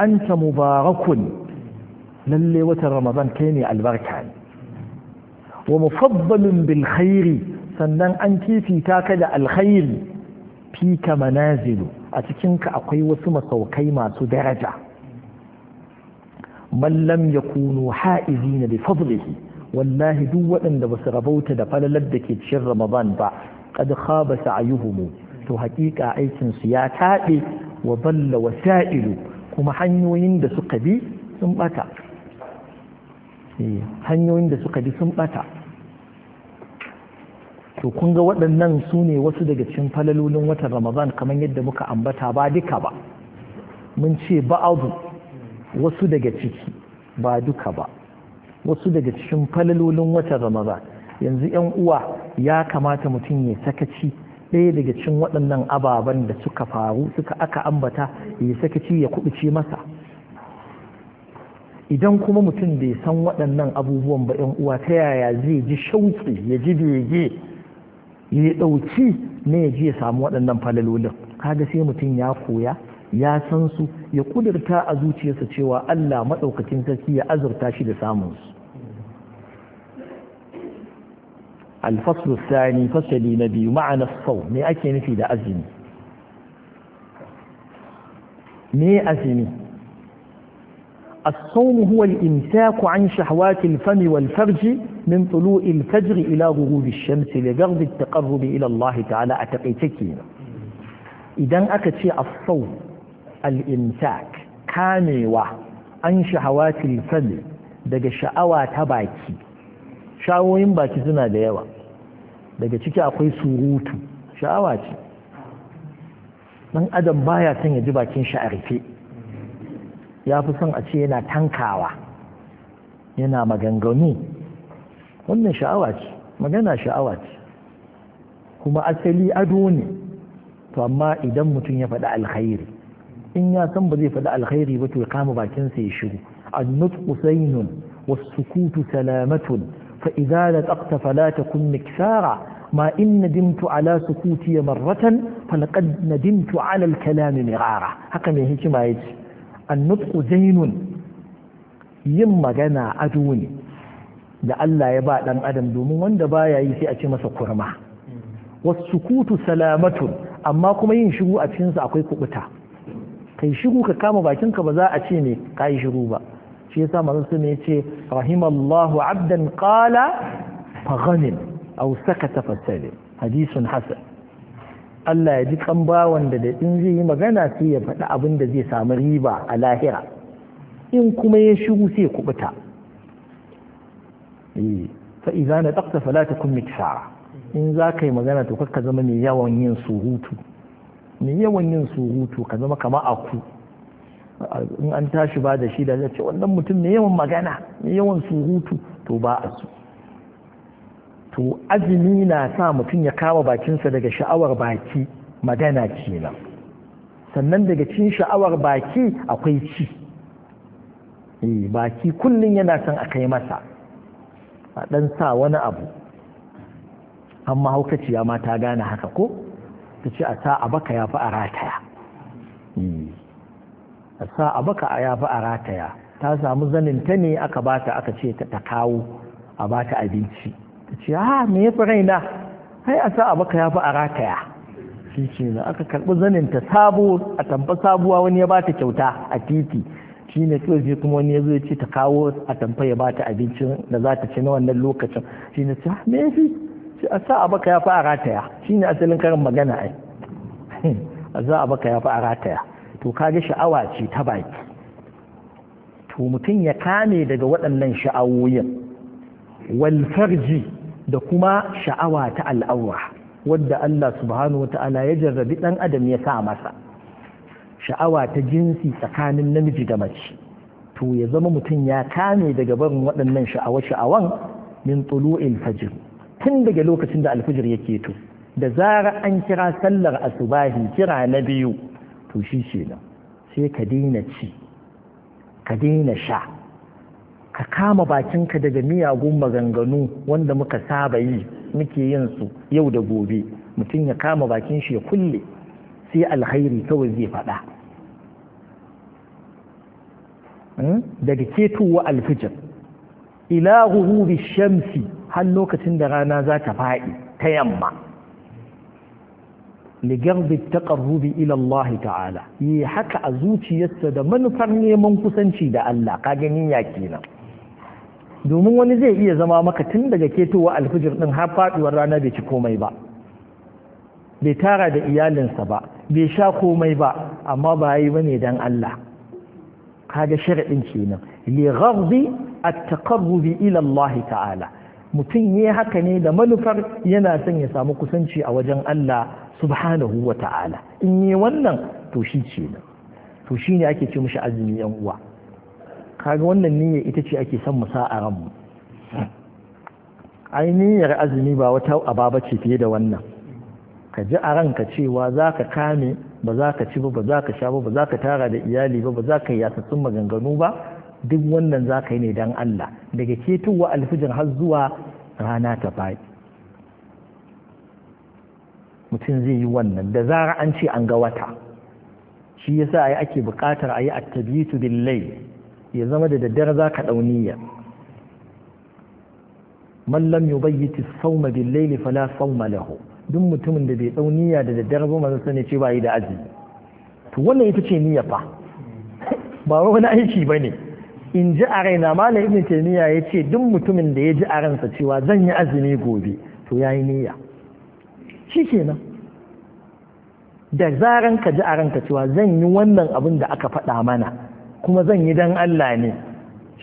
أنت مبارك للي وتن رمضان كيني البركة ومفضل بالخير sannan an fifita ka da alkhairi fika manazilu a cikinka akwai wasu masaukai masu daraja man lam yakunu ha'izina bi fadlihi wallahi duk waɗanda ba su rabauta da falalar da ke cikin ramadan ba qad khaba sa'yuhum to haƙiƙa aikin su ya taɓe wa balla wasa'ilu kuma hanyoyin da suka bi sun bata eh, hanyoyin da suka bi sun bata to kun ga waɗannan sune ne wasu daga cikin falalolin watan ramadan kamar yadda muka ambata ba duka ba mun ce ba'adu wasu daga ciki ba duka ba wasu daga cikin falalolin watan ramadan yanzu yan uwa ya kamata mutum ya sakaci ɗaya daga cikin waɗannan ababen da suka faru suka aka ambata ya sakaci ya kuɓuce masa idan kuma mutum bai san waɗannan abubuwan ba yan uwa ta yaya zai ji shauki ya ji bege ya ɗauki na ya ji ya samu waɗannan falalolin kaga sai mutum ya koya ya san su ya kudurta a zuciyarsa cewa Allah maɗaukakin sarki ya azurta shi da samun su الفصل الثاني فصل نبي معنى الصوم ما أكي نفي ده أزمي ما أزمي الصوم هو الإمساك عن شهوات الفم والفرج من طلوع الفجر إلى غروب الشمس لغرض التقرب إلى الله تعالى أتقيتكين إذا أكتشي الصوم al'imsak kamewa an shahawatil fali daga sha'awa ta baki shawoyin baki suna da yawa daga ciki akwai surutu sha'awa ce ɗan adam baya son ya ji bakin shi a ya fi son a ce yana tankawa yana maganganu wannan sha'awa ce magana sha'awa ce kuma asali ado ne to amma idan mutum ya faɗi alkhairi in ya san ba zai faɗi alkhairi ba to ya kama bakin sa ya shigo annut usainun wasukutu salamatun fa idza la taqta fala takun miksara ma inna dimtu ala sukuti maratan fa laqad nadimtu ala alkalam mirara haka mai hikima yace annut usainun yin magana ado ne da Allah ya ba ɗan adam domin wanda baya yi sai a ci masa kurma wasukutu salamatun amma kuma yin shiru a cikin akwai kubuta kai shiru ka kama bakinka ba za a ce ne ka yi shiru ba shi yasa manzon sun ya ce rahimallahu abdan qala faghanim aw sakata fasalim hadisun hasan Allah ya ji kan bawan da in zai yi magana sai ya faɗi abin da zai samu riba a lahira in kuma ya shiru sai kubuta eh, fa idza nataqta fala takun mitfara in za ka yi magana to kakka zama mai yawan yin surutu ne yawan yin surutu ka zama kama aku in an tashi ba da shi da zai ce wannan mutum ne yawan magana ne yawan surutu to ba a su to azumi na sa mutum ya kama bakinsa daga sha'awar baki magana kenan sannan daga cin sha'awar baki akwai ci eh, baki kullum yana son a kai masa a ɗan sa wani abu amma haukaciya ma ta gane haka ko ta ce a sa a baka ya fi a rataya a sa baka ya fi a rataya ta samu zaninta ta ne aka ta aka ce ta kawo a bata abinci ta ce ha ah, me ya fi raina hai a sa a baka ya fi a rataya shi ce na aka karɓi zaninta ta sabo a tamfa sabuwa wani ya ba ta kyauta a titi shi ne kawai kuma wani ya zo ya ce ta kawo a tamfa ya bata abincin da za ta ci na wannan lokacin shi ne ce ah, me ya fi ce a sa baka ya fi a rataya shi ne asalin karin magana ai a za a baka ya fi a rataya to kaga sha'awa ce ta baki to mutum ya kame daga waɗannan sha'awoyin walfarji da kuma sha'awa ta al'aura wadda Allah subhanahu wa ta'ala ya jarrabi ɗan adam ya sa masa sha'awa ta jinsi tsakanin namiji da mace to ya zama mutum ya kame daga barin waɗannan sha'awa-sha'awan min tulu'il fajr tun daga lokacin da alfijir yake to da zara an kira sallar asubahi kira na biyu to shi ce nan sai ka daina ci ka daina sha ka kama bakinka daga miyagun maganganu wanda muka saba yi muke yin su yau da gobe mutum ya kama bakin shi ya kulle sai alkhairi kawai zai faɗa hmm? daga ketowa alfijir ila bi shamsi har lokacin da rana za ta faɗi ta yamma ligarbi taqarrubi ila Allah ta'ala yi haka a zuciyarsa da manufar neman kusanci da Allah ka ganin ya kenan domin wani zai iya zama maka tun daga ketowa alfijir ɗin, har faɗuwar rana bai ci komai ba bai tara da iyalinsa ba bai sha komai ba amma ba yi bane dan Allah kaga sharadin kenan li a ta taqarrubi ilallahi ta'ala mutum ya haka ne da manufar yana son ya samu kusanci a wajen Allah subhanahu wa ta'ala in yi wannan to shi ce nan to shi ne ake ce mushi azumi yan uwa kaga wannan niyya ita ce ake son mu sa a ranmu ai niyyar azumi ba wata ababa ce fiye da wannan ka ji a ranka cewa za ka kame ba za ka ci ba ba za ka sha ba ba za ka tara da iyali ba ba za ka yi yasassun maganganu ba duk wannan za ka yi ne don Allah daga ketowa alfijin har zuwa rana ta faɗi mutum zai yi wannan da zara an ce an ga wata shi yasa ai ake buƙatar a yi attabitu billahi ya zama da daddare za ka ɗauniya man lam yubayyiti sawma billayli fala sawma lahu duk mutumin da bai ɗauniya da daddare ba manzo sani ce ba da azumi to wannan ita ce niyya fa ba wani aiki bane in ji a raina malam ibn taymiya ya ce duk mutumin da ya ji a ransa cewa zan yi azumi gobe to ya yi niyya shi kenan da zaran ka ji a ranka cewa zan yi wannan abin da aka faɗa mana kuma zan yi dan Allah ne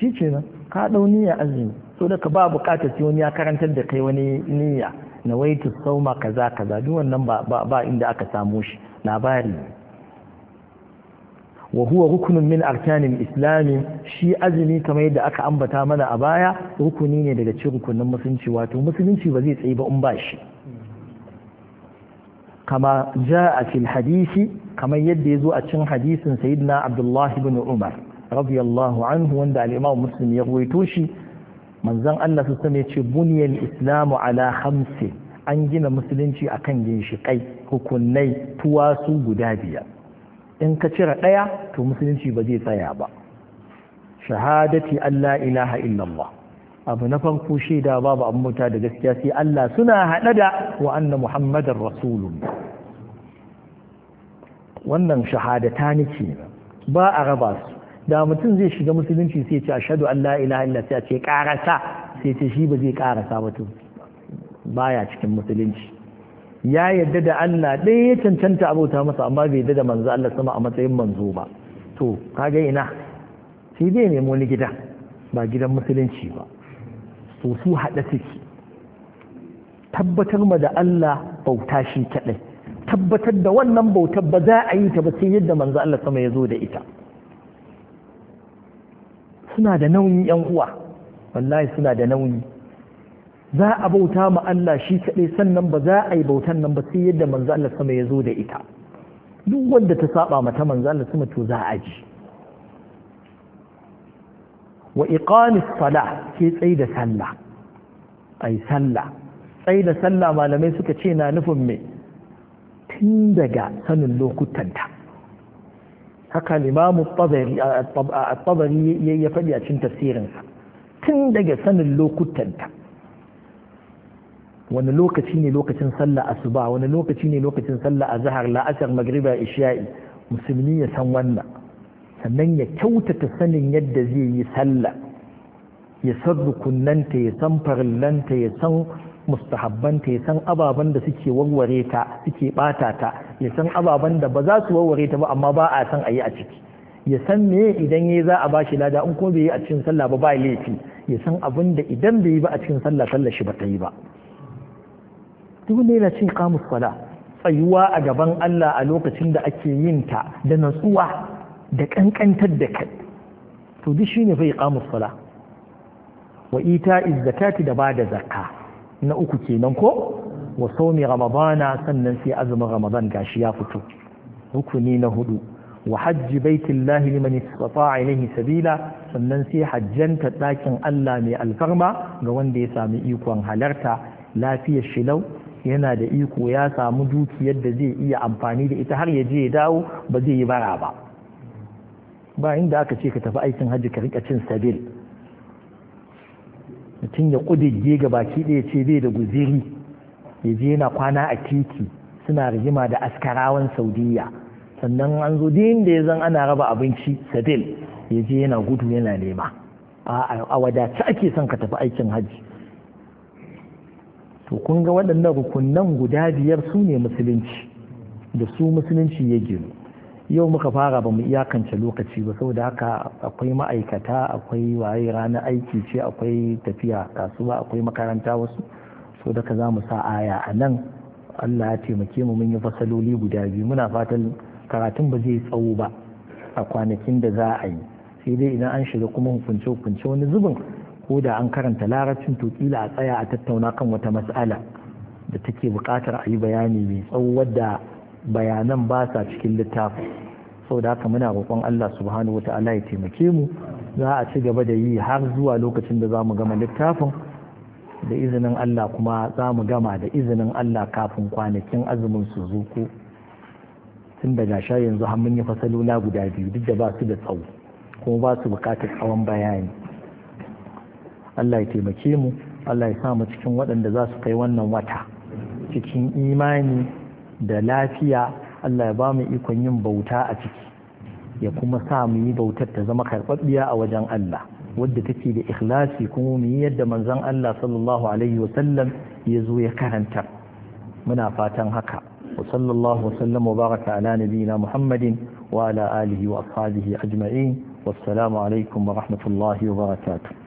shi kenan ka ɗau niyya azumi so da ka ba buƙatar sai wani ya karantar da kai wani niyya na waitu sauma kaza kaza duk wannan ba inda aka samu shi labari wa huwa rukunin min arkanin islami shi azumi kamar yadda aka ambata mana a baya rukuni ne daga cikin rukunin musulunci wato musulunci ba zai tsayi ba in ba shi kama a fil hadisi kamar yadda ya zo a cikin hadisin sayyidina abdullahi bin umar radiyallahu anhu wanda al-imam muslim ya ruwaito shi manzon Allah su ya ce buniyal islamu ala hamsi an gina musulunci akan ginshiƙai hukunnai tuwasu guda biyar in ka cire ɗaya to musulunci ba zai tsaya ba shahadati Allah ilaha illallah abu na farko shaida babu abu mota da gaskiya sai Allah suna haɗa da wa anna muhammadar rasulun wannan shahadata ne ce ba a raba su da mutum zai shiga musulunci sai ce ashadu Allah ilaha illallah sai ce karasa sai ce shi ba zai karasa ba ya baya cikin musulunci ya yadda da Allah ɗaya ya cancanta abota masa amma bai yadda da manzo Allah sama a matsayin manzo ba to ka ga ina sai zai nemo wani gida ba gidan musulunci ba so su haɗa suke tabbatar ma da Allah bauta shi kaɗai tabbatar da wannan bautar ba za a yi ta ba sai yadda manzo Allah sama ya zo da ita suna da nauyi yan uwa wallahi suna da nauyi za a bauta ma Allah shi kaɗai sannan ba za a yi bautan nan ba sai yadda manzo Allah sama ya zo da ita duk wanda ta saba mata manzo Allah sama to za a ji wa iqamis salah ke tsayi da sallah ai sallah tsayi da sallah malamai suka ce na nufin me tun daga sanin lokutanta haka limamu tabari ya faɗi a cikin tafsirinsa tun daga sanin lokutanta wani lokaci ne lokacin sallah asuba wani lokaci ne lokacin sallah azhar la'asar magriba isha'i musulmi ya san wannan sannan ya kyautata sanin yadda zai yi sallah ya san rukunnanta ya san farillanta ya san mustahabbanta ya san ababen da suke warware ta suke bata ta ya san ababen da ba za su warware ta ba amma ba a san a yi a ciki ya san me idan ya za a bashi lada in kuma bai yi a cikin sallah ba ba laifi ya san abin da idan bai yi ba a cikin sallah sallah shi ba ta yi ba duk ne na cin kamus sala tsayuwa a gaban Allah a lokacin da ake yin ta da natsuwa da kankantar da kai to duk shine fa iqamus sala wa ita zakati da bada zakka na uku kenan ko wa saumi ramadana sannan sai azumin ramadan gashi ya fito rukuni na hudu wa hajji baitillahi liman istata'a ilayhi sabila sannan sai hajjanta ɗakin Allah mai alfarma ga wanda ya sami ikon halarta lafiyar shilau yana da iko ya samu dukiyar da zai iya amfani da ita har ya je ya dawo ba zai yi bara ba ba inda aka ce ka tafi aikin hajji ka rika cin sabil mutum ya kudige ga baki ɗaya ce bai da guziri ya je yana kwana a titi suna rigima da askarawan Saudiyya sannan an zo din da ya zan ana raba abinci sabil ya je yana gudu yana nema a wadace ake son ka tafi aikin hajji to kun ga waɗannan rukunan guda biyar su ne musulunci da su musulunci ya gino yau muka fara ba mu iyakance lokaci ba saboda haka akwai ma'aikata akwai waye ranar aiki ce akwai tafiya kasuwa akwai makaranta wasu so daga za mu sa aya a nan allah ya taimake mu mun yi fasaloli guda biyu muna fatan karatun ba zai tsawo ba a kwanakin da za a yi sai dai idan an shiga kuma hukunce hukunce wani zubin ko da an karanta larabcin to kila a tsaya a tattauna kan wata mas'ala da take buƙatar a yi bayani mai tsawo wadda bayanan ba sa cikin sau da haka muna roƙon Allah subhanahu wa ta'ala ya taimake mu za a ci gaba da yi har zuwa lokacin da za mu gama littafin da izinin Allah kuma za mu gama da izinin Allah kafin kwanakin azumin su ko tun daga sha yanzu har mun yi fasaluna guda biyu duk da ba su da tsawo kuma ba su bukatar tsawon bayani Allah ya taimake mu Allah ya sa mu cikin waɗanda za su kai wannan wata cikin imani da lafiya Allah ya ba mu ikon yin bauta a ciki ya kuma sa mu yi bautar ta zama karɓaɓɓiya a wajen Allah wadda take da ikhlasi kuma mu yi yadda manzon Allah sallallahu alaihi sallam ya zo ya karanta muna fatan haka wa sallallahu wa baraka ala nabiyina Muhammadin wa ala alihi wa ashabihi ajma'in wassalamu alaikum wa rahmatullahi wa barakatuh